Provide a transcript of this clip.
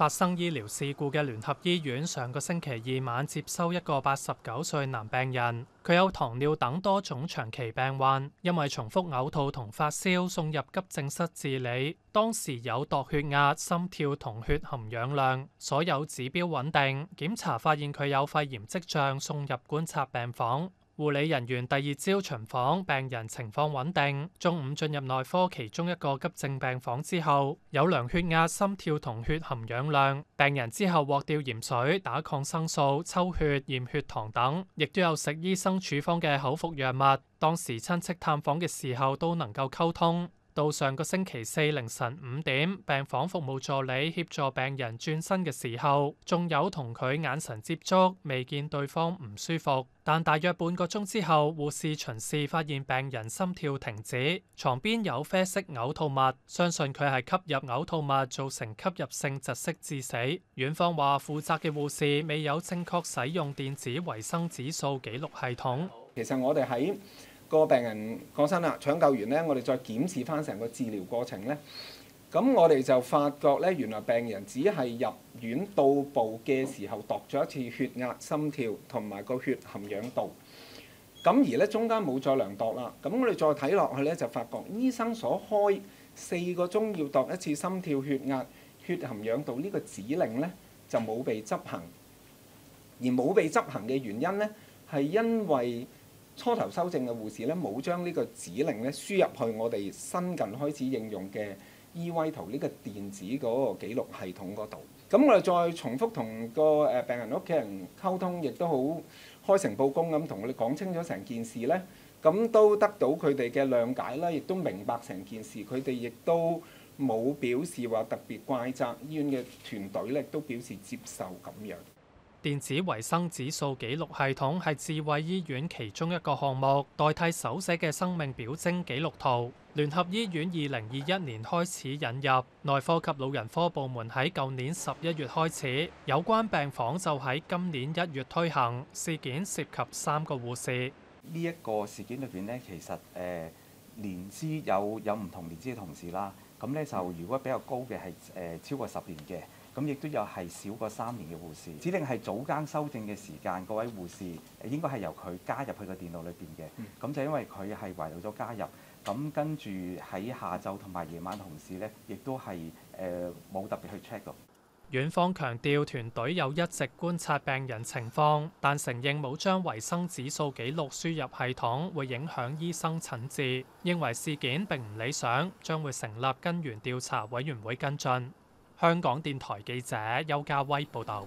發生醫療事故嘅聯合醫院，上個星期二晚接收一個八十九歲男病人，佢有糖尿等多種長期病患，因為重複嘔吐同發燒送入急症室治理，當時有度血壓、心跳同血含氧量，所有指標穩定，檢查發現佢有肺炎跡象，送入觀察病房。護理人員第二朝巡房，病人情況穩定，中午進入內科其中一個急症病房之後，有量血壓、心跳同血含氧量。病人之後獲吊鹽水、打抗生素、抽血驗血糖等，亦都有食醫生處方嘅口服藥物。當時親戚探訪嘅時候都能夠溝通。到上個星期四凌晨五點，病房服務助理協助病人轉身嘅時候，仲有同佢眼神接觸，未見對方唔舒服。但大約半個鐘之後，護士巡視發現病人心跳停止，床邊有啡色嘔吐物，相信佢係吸入嘔吐物造成吸入性窒息致死。院方話負責嘅護士未有正確使用電子維生指數記錄系統。其實我哋喺個病人過身啦，搶救完呢，我哋再檢視翻成個治療過程呢。咁我哋就發覺呢，原來病人只係入院到步嘅時候度咗一次血壓、心跳同埋個血含氧度，咁而呢，中間冇再量度啦。咁我哋再睇落去呢，就發覺醫生所開四個鐘要度一次心跳、血壓、血含氧度呢個指令呢，就冇被執行，而冇被執行嘅原因呢，係因為。初頭修正嘅護士咧，冇將呢個指令咧輸入去我哋新近開始應用嘅 E 威圖呢個電子嗰個記錄系統嗰度。咁我哋再重複同個誒病人屋企人溝通，亦都好開誠佈公咁同佢哋講清楚成件事呢，咁都得到佢哋嘅諒解啦，亦都明白成件事，佢哋亦都冇表示話特別怪責醫院嘅團隊呢，都表示接受咁樣。電子維生指數記錄系統係智慧醫院其中一個項目，代替手寫嘅生命表徵記錄圖。聯合醫院二零二一年開始引入，內科及老人科部門喺舊年十一月開始，有關病房就喺今年一月推行。事件涉及三個護士。呢一個事件裏邊呢，其實誒年資有有唔同年資嘅同事啦，咁咧就如果比較高嘅係誒超過十年嘅。咁亦都有係少過三年嘅護士，指定係早間修正嘅時間，嗰位護士應該係由佢加入去個電腦裏邊嘅。咁就、嗯、因為佢係遺漏咗加入，咁跟住喺下晝同埋夜晚同事咧，亦都係誒冇特別去 check 咯。院、呃、方強調團隊有一直觀察病人情況，但承認冇將維生指數記錄輸入系統會影響醫生診治，認為事件並唔理想，將會成立根源調查委員會跟進。香港電台記者邱家威報道。